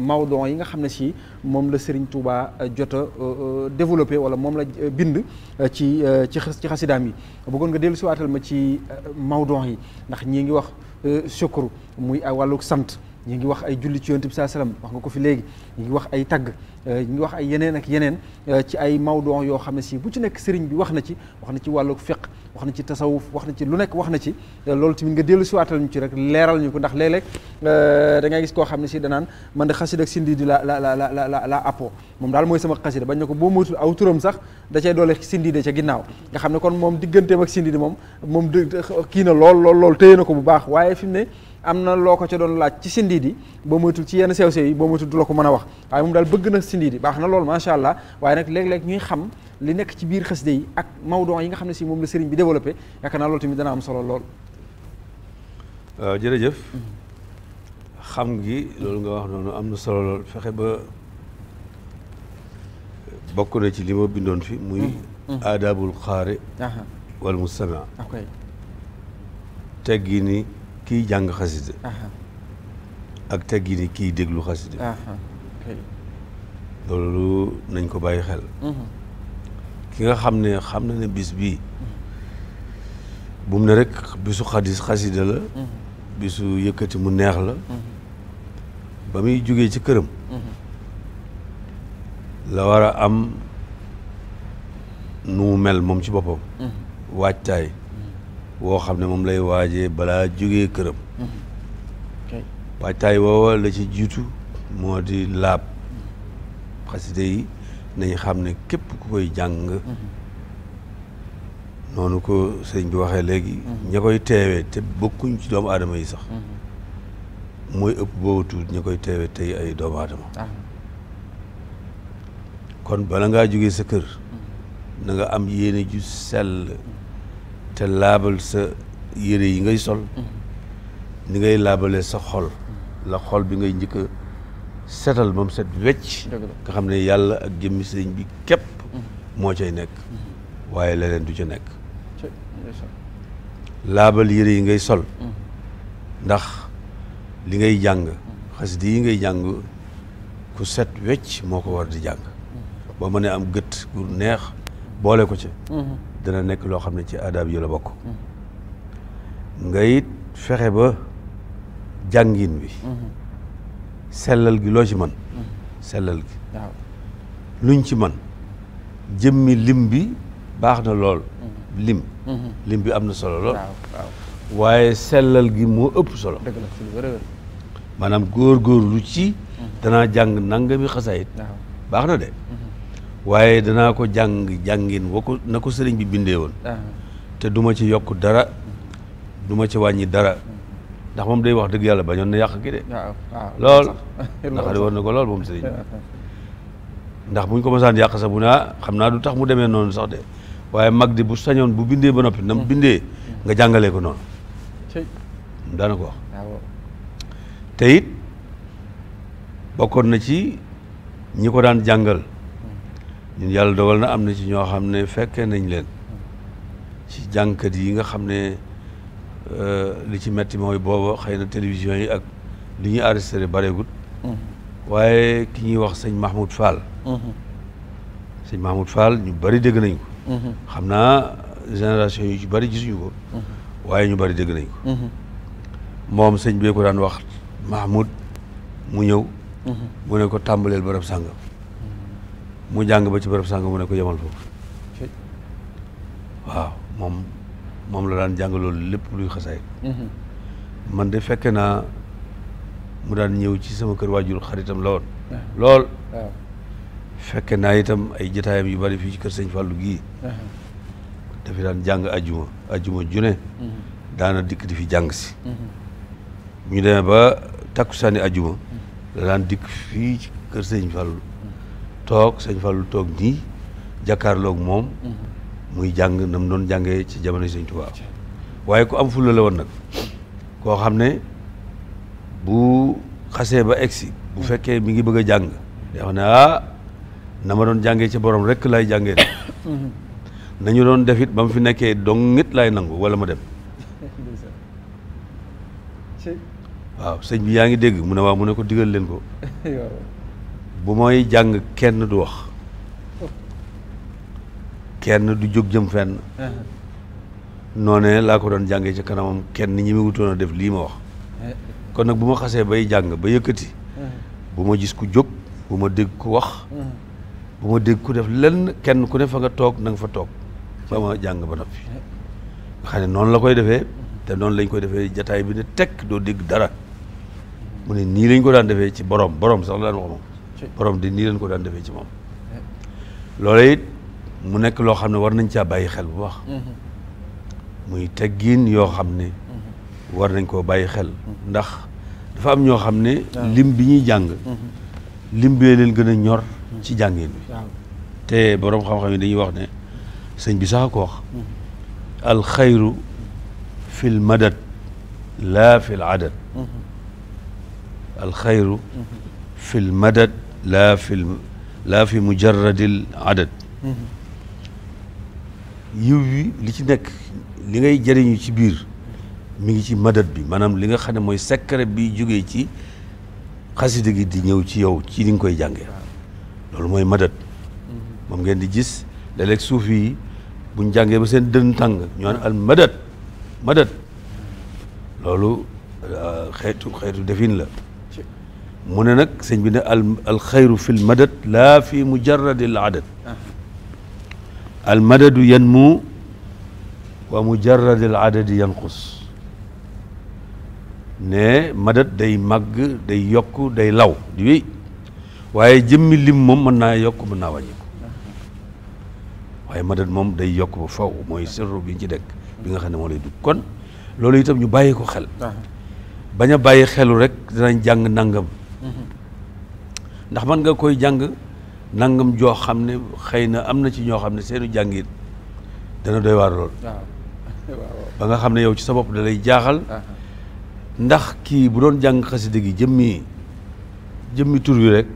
mawdon yi nga xam ne si moom la Serigne Touba euh, jot a euh, euh, développé wala moom la bind ci ci ci xasidaam yi bëggoon nga dellu siwaatal ma ci mawdon yi ndax ñii ngi wax Euh, sukkur muy wàllug sant ñu ngi wax ay julli ci yonent bi saa salaam wax nga ko fi léegi ñi ngi wax ay tagg euh, ñi ngi wax ay yeneen ak yeneen euh, ci ay mawdon yoo xam ne si bu ci nekk sëriñ bi wax na ci wax na ci wàllu fiq wax na ci tasawuf wax na ci lu nekk wax na ci euh, loolu tamit nga dellu siwaatal ñu ci rek leeral ñu ko ndax léeg-léeg da ngay gis koo xam ne si danaan man de xasida ak sindi di la la la la la la appo moom daal mooy sama xasida bañ ne ko boo moytul aw turam sax da cay doole sindi de ca ginnaaw nga xam ne kon moom digganteem ak sindi moom moom kii na lool lool lool téye na ko bu baax waaye fi mu ne am na loo ko ca doon laaj ci sindiit yi boo moytul ci yenn sew sew yi boo moytul du la ko mën a wax waaye moom daal bëgg na sindiit baax na loolu macha allah waaye nag léeg-léeg ñuy xam li nekk ci biir xasida yi ak mawdon yi nga xam ne si moom la sëriñ bi développé yaakaar naa loolu tamit solo lool. Euh, jërëjëf xam gi loolu nga wax noonu am na solo lool fexe ba bokk ci li bindoon fi muy. aadaabul mm-hmm. mm-hmm. xaare wal mustami'a teggi kiy jàng xasida ak teggini kiy déglu xasida loolu nañ ko bàyyi xel mhm. ki nga xam ne xam na ne bis bii bu ne rek bisu xadis xasida la mhm. bisu yëkkati mu neex la mhm. ba muy jógee ci këram la war a am nu mu mel moom ci boppam waajtaay woo xam ne moom lay waaje balaa jóge këram waajtaay woowa la ci jiitu moo di laab xasida yi nañ xam ne képp ku koy jàng noonu ko sëñ bi waxee léegi ña koy teewee te bokkuñ ci doomu aadama yi sax mooy ëpp boobu tuut ña koy teewe tey ay doomu aadama kon bala ngaa jóge sa kër na am yéene ju sell te laabal sa yére yi ngay sol mm-hmm. ni ngay laabalee sa xol la xol bi ngay njëkk a setal moom set wecc nga xam ne yàlla ak jëmmi sëriñ bi képp mm-hmm. moo cay nekk mm-hmm. waaye leneen du ca nekk laabal yére yi ngay sol ndax li ngay jàng xasida yi ngay jàng ku set wecc moo ko war di jàng boo mën a am gët gu neex boole ko ci dana nekk loo xam ne ci aadaab yi la bokk nga it fexe ba jàngin bi sellal gi loo ci man sellal gi luñ ci man jëmmi lim bi baax na lool lim lim bi am na solo lool waaye sellal gi moo ëpp solo maanaam góor góorlu ci mm-hmm. danaa jàng nangami xasaayit baax na de mm-hmm. waaye danaa ko jàng jàngin wa ko na ko sëriñ bi bindee woon ah. te duma ci yokk dara duma ci wàññi dara ndax moom day wax dëgg yàlla bañoon na yàq ki de ah, ah, lool ndax di na ko lool moom sëriñ ndax buñ ko mosaan yàq sax bu naa xam naa du tax mu demee noonu sax de waaye mag di bu sañoon bu bindee ba noppi na mu hmm. bindee nga jàngalee ko noonu daana ko wax te it bokkoon na ci ñi ko daan jàngal ñun yàlla dogal na am na ci ñoo xam ne fekkee nañ leen ci jànkat yi nga xam ne euh, li ci metti mooy booba xëy na télévision yi ak li ñuy enregistré bareegut mm-hmm. waaye ki ñuy wax sëñ Mahmoud Fall mm-hmm. sëñ Mahmoud Fall ñu bari dégg nañ ko mm-hmm. xam naa génération yu ci bari gisuñu ko waaye ñu bari dégg nañ ko moom sëñ bee ko daan wax Mahmoud mu ñëw mu ne ko tàmbaleel barab sàngam mu jàng ba ci bërëb sàng mu ne ko yemal foofu waaw moom moom la daan jàng loolu lépp luy xasaay mhm. man de fekke naa mu daan ñëw ci sama kër waajur xaritam la woon mhm. lool fekke naa itam ay jataayam yu bari fii ci kër sëñ Fallou gii mhm. dafi daan jàng ajuma ajuma june daana dikk di fi jàng si ñu demee ba takkusaani ajuma la daan dikk fii ci kër sëñ Fallou toog sëñ Fallou toog nii jàkkaarloog moom mhm. muy jàng na mu doon jànge ci jamono sëñ Tuubaa waaye ku am fulla la woon nag koo xam ne bu xasee ba egsi bu mhm. fekkee mi ngi bëgg a jàng day xam ne ah na ma doon jànge ci borom rek lay jàngee mhm. nañu doon def it ba mu fi nekkee dongit lay nangu wala ma dem waaw sëñ bi yaa ngi dégg mu ne waaw mu ne ko digal leen ko bu mooy jàng kenn du wax kenn du jóg jëm fenn noonee laa ko doon jàngee ci kanamam kenn ñi mu wutoon a def lii ma wax kon nag bu ma xasee bay jàng ba yëkkati bu ma gis ku jóg bu ma dégg ku wax bu ma dégg ku def lenn kenn ku ne fa nga toog na fa toog ba ma jàng ba noppi nga xam ne noonu la koy defee te noonu lañ koy defee jataay bi ne tekk doo dégg dara mu ne nii lañ ko daan defee ci borom borom sax la daan wax moom borom di nii leen ko daan defee ci moom loolu it mu nekk loo xam ne war nañ caa bàyyi xel bu baax muy teggin yoo xam ne war nañ koo bàyyi xel ndax dafa am ñoo xam ne lim bi ñuy jàng mhm. lim bee leen gën a ñor ci mhm. jàngeen bi te boroom xam-xam yi dañuy wax ne sëñ bi sax ko wax mhm. alxayru fil madad laa fil adad alxayru fil madad laa fi laa fi mujarradil adad yiw yi li ci nekk li ngay jëriñu ci biir mu ngi ci madad bi maanaam li nga xam ne mooy secret bi jóge ci xasida gi di ñëw ci yow ci ni nga koy jànge loolu mooy madad moom ngeen di gis léeg-léeg suufi yi buñ jàngee ba seen dën tàng ñoo ne al madad madad loolu euh, xeetu xeetu defin la mu ne nag sëñ bi ne al alxayru fi lmadad laa fi mujarradi l adad ah. almadadu yanmu wa mujarradi l adadi xus ne madad day màgg day yokk day law di wéy waaye jëmmi lim moom mën naa yokk mën naa wàññiku waaye madad moom day yokk ba faw mooy sirru bi ci dekk bi nga xam ne moo lay dugg kon loolu itam ñu bàyyi ko xel ah. bañ a bàyyi xelu rek danañ jàng nangam ndax mën nga koy jàng nangam joo xam ne xëy na am na ci ñoo xam ne seenu jàngit dana doy waar lool. ba nga xam ne yow ci sa bopp dalay jaaxal. ndax kii bu doon jàng xasida gi jëmmi jëmmi tur wi rek.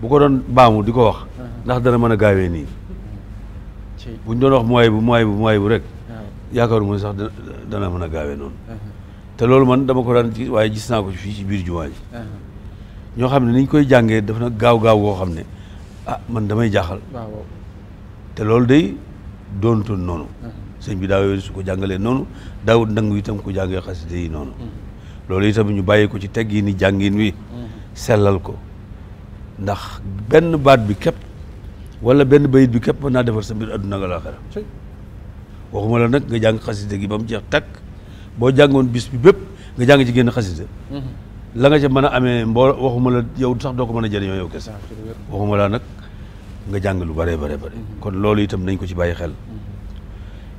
bu ko doon baamu di ko wax. ndax dana mën a gaawee nii. buñ doon wax mooy bu mooy bu mooy bu rek. yaakaar mooy sax dana mën a gaawee noonu. te loolu man dama ko daan waaye gis naa ko fii ci biir jumaa ji ñoo xam ne niñ koy jàngee daf na gaaw gaaw woo xam ne ah man damay jaaxal. te loolu day doontoon noonu. sëñ bi daawee su ko jàngalee noonu daawut nangu itam ku jàngee xasida yi noonu. loolu itam ñu bàyyi ko ci teg yi ni jàngin wi. sellal ko ndax benn baat bi képp wala benn bayit bi képp mën naa defar sa mbir adduna ak alaaxira waxuma la nag nga jàng xasida gi ba mu jeex takk boo jàngoon bis bi bépp nga jàng ci génn xasida la nga ca mën a amee mboo waxuma la yow sax doo ko mën a jëriñoo yow kese waxuma laa nag nga jàng lu bare bare bare kon loolu itam nañ ko ci bàyyi xel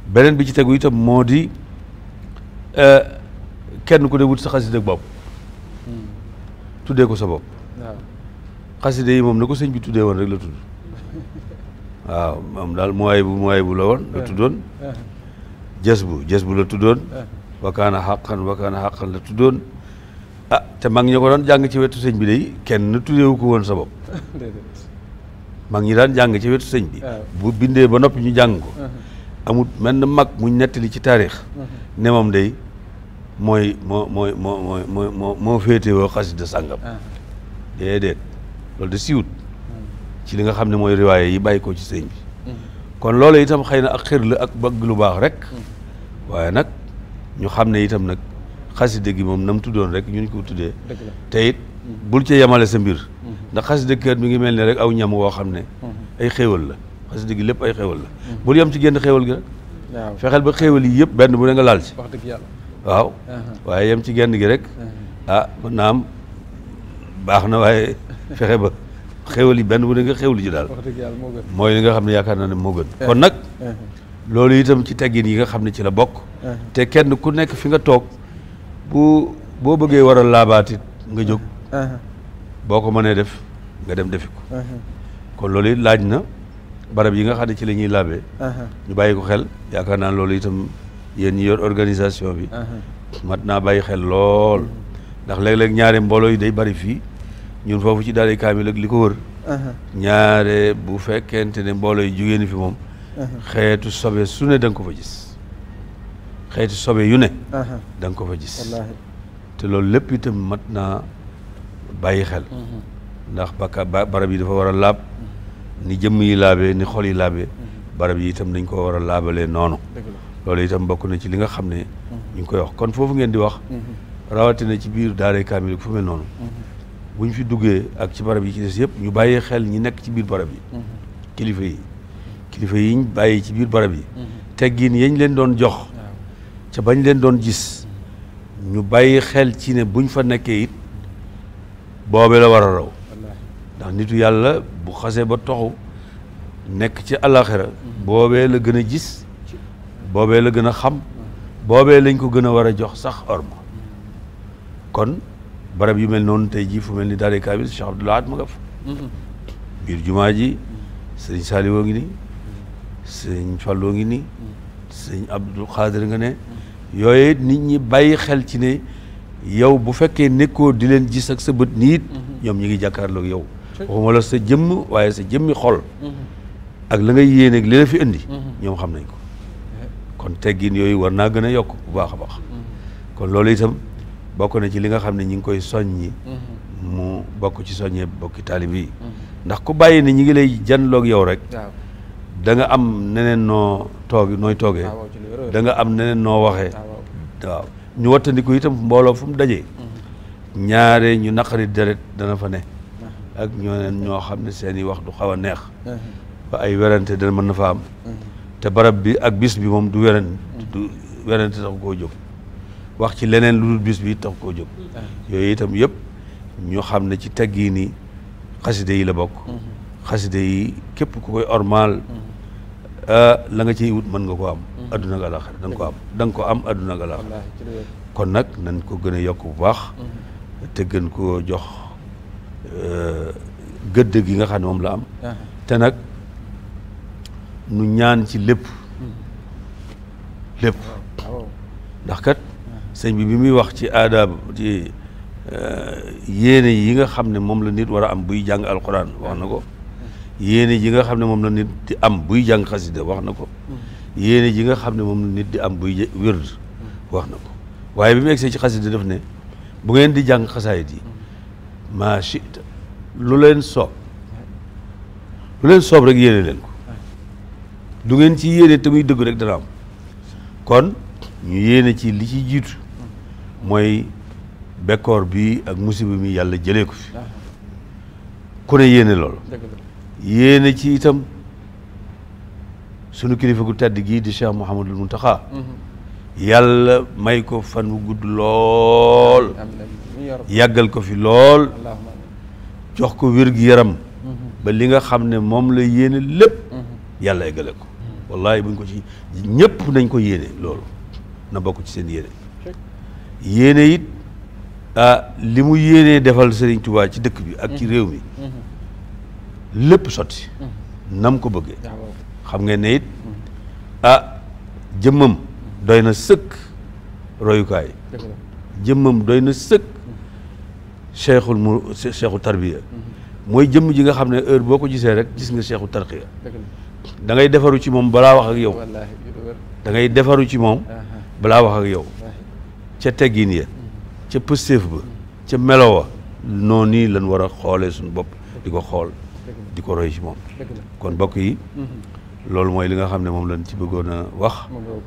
beneen bi ci tegu itam moo di euh, kenn ku ne wut sa xasida bopp tuddee ko sa bopp xasida yi moom na ko sëñ bi tuddee woon rek la tudd waaw moom daal mooy bu mooy bu la woon la tuddoon jës bu jës bu la tuddoon wakaana xaqan wakaana xaqan la tuddoon ah te mag ñi ko doon jàng ci wetu sëñ bi day kenn tuddeewu ko woon sa bopp mag ñi daan jàng ci wetu sëñ bi ah. bu bindee ba noppi ñu jàng ko ah. amut mel na mag muñ nettali ci taarix ah. ne moom day mooy moo mooy moo mooy moo moo moo féetewoo xasida sàngam déedéet loolu de siwut ci li nga xam ne mooy riwaaye yi bàyyi ko ci sëñ bi mm-hmm. kon loolu itam xëy na ak xër la ak bëgg lu baax rek mm-hmm. waaye nag ñu xam ne itam nag xasida gi moom na tuddoon rek ñu ko tuddee te it bul ca yemale sa mbir mm-hmm. ndax xasida kër mi ngi mel ni rek aw ñam woo xam ne mm-hmm. ay xéewal la xasida gi lépp ay xéewal la mm-hmm. bul yem ci genn xéewal gi rek fexeel ba xéewal yi yëpp benn bu ne nga laal ci wax dëgg yàlla waaw uh-huh. waaye yem ci genn gi rek uh-huh. ah mën naa am baax na waaye fexe ba xéewal benn bu ne nga xéewlu ji daal mooy li nga xam ne yaakaar naa ne moo gën uh-huh. kon nag loolu itam ci teggin yi nga xam ne ci la bokk te kenn ku nekk fi nga toog bu boo bëggee war a laabaatit nga jóg uh-huh. boo ko mënee def nga dem defi ko uh-huh. kon loolu it laaj na barab yi nga xam ne ci la ñuy laabee uh-huh. ñu bàyyi ko xel yaakaar naa loolu itam yéen ñi yor organisation bi mat naa bàyyi xel lool ndax léeg-léeg ñaare mbooloo yi day bari fii ñun foofu ci daara kaamil ak li ko wër ñaare bu fekkente ne mbooloo yi jugee ni fi moom xeetu sobe su ne da nga ko fa gis xeeti sobe yu ne da ko fa gis te loolu lépp itam mat naa bàyyi xel mhm. ndax baka barab yi dafa war a laab mhm. ni jëmm yi laabee ni xol yi laabee mhm. barab yi itam dañ ko war a laabale noonu loolu itam bokk na ci li nga xam ne ñu ngi koy wax kon foofu ngeen di wax rawatina ci biir daaray kaamil fu mel noonu bu ñu fi duggee ak ci barab yi ci des yëpp ñu bàyyi xel ñi nekk ci biir barab yi kilifa yi kilifa yi ñu bàyyi ci biir barab yi teggin yañ leen doon jox ca bañ leen doon gis ñu bàyyi xel ci ne buñ fa nekkee it boobe la war a raw ndax nitu yàlla bu xasee ba toxu nekk ci alaxira boobee la gën a gis boobee la gën a xam boobee lañ ko gën a war a jox sax orma kon barab yu mel noonu tey jii fu mel ni daare kaamil Cheikh Abdoul Ahad ma nga fa biir jumaa ji sëriñ Saliou ngi nii sëriñ Fallou ngi nii sëriñ Abdou Khadir nga ne yooyu nit ñi bàyyi xel ci ne yow bu fekkee nekkoo di leen gis ak sa bët niit mhm. ñoom ñu ngi jàkkaarloog yow waxuma la sa jëmm waaye sa jëmmi xol mhm. ak la nga yéene ak li la fi indi mhm. ñoom xam nañ ko eh. kon teggin yooyu war naa gën a yokk bu baax a bax kon loolu itam bokk na ci li nga xam ne ñi ngi koy soññi mu bokk ci soññee bokki taalib yi ndax ku bàyyi na ñi ngi lay janloog yow rek da nga am neneen noo toog nooy toogee da nga am neneen noo waxee waaw ñu wattandiku itam mbooloo fu mu dajee mm-hmm. ñaare ñu naqari deret dana fa ne mm-hmm. ak ñooneen ñoo xam ne seen i wax du xaw a neex ba mm-hmm. ay werante dana mën na fa am te barab bi ak bis bi moom du werante du werante tax koo jóg wax ci leneen lu dul bis bi tax koo jóg yooyu itam yëpp ñu xam ne ci teggi nii xaside yi la bokk xaside yi képp ku koy ormaal Euh, la nga ciy wut mën nga ko am mm. adduna ak dang ko am mm-hmm. da nga ko am adduna ak kon nag nañ ko gën a yokk bu baax mm-hmm. te gën koo jox euh, gëdd gi nga xam ne moom la am uh-huh. te nag nu ñaan ci lépp mm-hmm. lépp uh-huh. sëñ bi bi muy wax ci aadaab ci euh, yéene yi nga xam ne moom la nit war a am buy jàng alquran wax na ko yéene ji nga xam ne moom la nit di am buy jàng xasida wax na ko yéene ji nga xam ne moom la nit di am buy wérd wax na ko waaye bi mu egsee ci xasida def ne bu ngeen di jàng xasaayit di maa chita lu leen soob lu leen soob rek yéene leen ko lu ngeen ci yéene te muy dëgg rek dana am kon ñu yéene ci li ci jiitu mooy bekkoor bi ak musiba mi yàlla jëlee ko fi ku ne yéene loolu yéene ci itam sunu kilifa gu tedd gii di Cheikh Mouhamadul Mountakha mm-hmm. yàlla may ko fan wu gudd lool yàggal ko fi lool jox ko wér-gi-yaram mm-hmm. ba li nga xam ne moom la yéene lépp mm-hmm. yàlla eggale ko wallahi buñ ko ci ñépp nañ ko yéene loolu na bokk ci seen yéene yéene it ah li mu yéenee defal Serigne Touba ci dëkk bi ak ci réew mi lépp sotti nam ko bëggee xam ngeen ne it ah jëmmam doy na sëkk royukaay jëmmam doy na sëkk cheikhul mu cheikhu tarbiya mooy jëmm ji nga xam ne heure boo ko gisee rek gis nga cheikhu tarqiya da defaru ci moom balaa wax ak yow da defaru ci moom balaa wax ak yow ca teggin ya mm-hmm. ca pëstéef ba ca melowa noonu lan war a xoolee suñu bopp di ko xool di ko roy ci moom kon bokk yi loolu mooy li nga xam ne moom lañ ci bëggoon a wax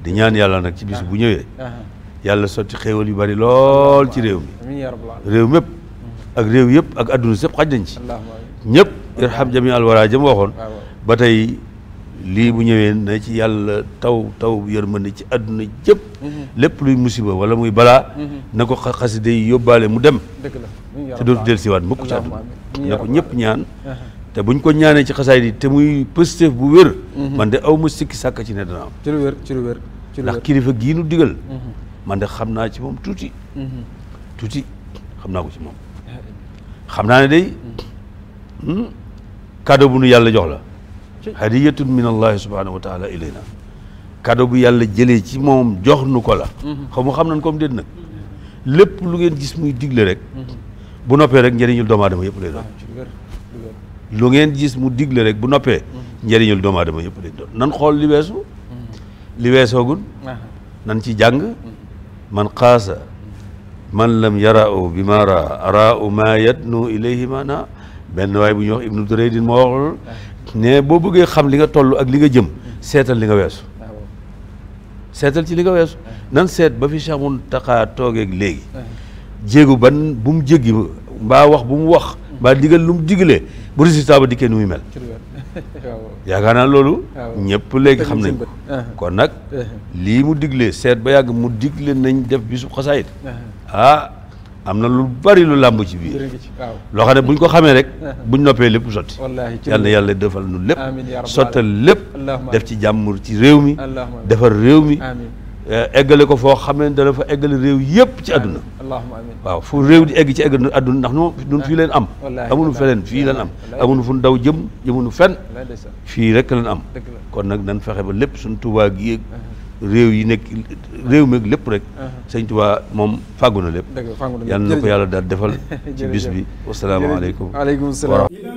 di ñaan yàlla nag ci bis bu ñëwee yàlla sotti xéewal yu bari lool ci réew mi réew mépp ak réew yëpp ak adduna sépp xaj nañ ci ñëpp irham jami alwara jëm waxoon ba tey lii bu ñëwee na ci yàlla taw taw bu yërmande ci adduna jëpp lépp luy musiba wala muy balaa na ko xasida yi yóbbaale mu dem te dootu del siwaat mukk ci adduna na ko ñëpp ñaan te buñ ko ñaanee ci xasaay yi te muy positif bu wér. Mhm. man de aw ma sikki sàkk ci ne dana am. ci lu wér ci lu ndax kilifa gii nu digal. Mhm. man de xam naa ci moom tuuti. Mhm. tuuti xam naa ko ci moom. xam naa ne day hmm, cadeau bu nu yàlla jox la. hadiyatun min allahi subhanahu wa taala ilayna cadeau bu yàlla jëlee ci moom jox nu ko la. xam xam nañ comme déet nag. lépp lu ngeen gis muy digle rek. bu noppee rek njëriñul doomu aadama yëpp lay doon. Ah, lu ngeen gis mu digle rek bu noppee njëriñul doomu aadama yëpp lañ doon nan xool li weesu li weesoogul nan ci jàng man xaasa man lam yarau bi ma raa arau ma yatnu ilayhi maana benn waay bu ñuy wax ibnu Duraydin moo wax ne boo bëggee xam li nga toll ak li nga jëm seetal li nga weesu seetal ci li nga weesu nan seet ba fi Cheikh taxaa toogeeg léegi jéegu ba bu mu jéggi mbaa wax bu mu wax ba digal lu mu digalee bu résultat ba dikkee nu muy mel yaakaar naa loolu ñëpp léegi xam nañ ko kon nag uh-huh. lii mu diglee seet ba yàgg mu digle nañ def bisu xasaayit uh-huh. ah am na lu bari lu làmbu ci biir loo xam ne bu ñu ko xamee rek uh-huh. buñ noppee lépp sotti yàlla na yàlla defal nu lépp sottal lépp def ci jàmm ci réew mi defar réew mi Eh, eggale ko foo xamee dana fa eggale réew yëpp ci àdduna waaw fu réew di egg ci eggale àdduna ndax non ñun fii leen am amuñu feneen fii leen am amuñu fu daw jëm jëmunu fenn fii rek leen am kon nag nan fexe ba lépp suñ tubaa gi réew yi nekk réew meeg lépp rek sëñ tubaa moom fàggu na lépp yàlla na ko yàlla daal defal ci bis bi wasalaamaaleykum waaleykum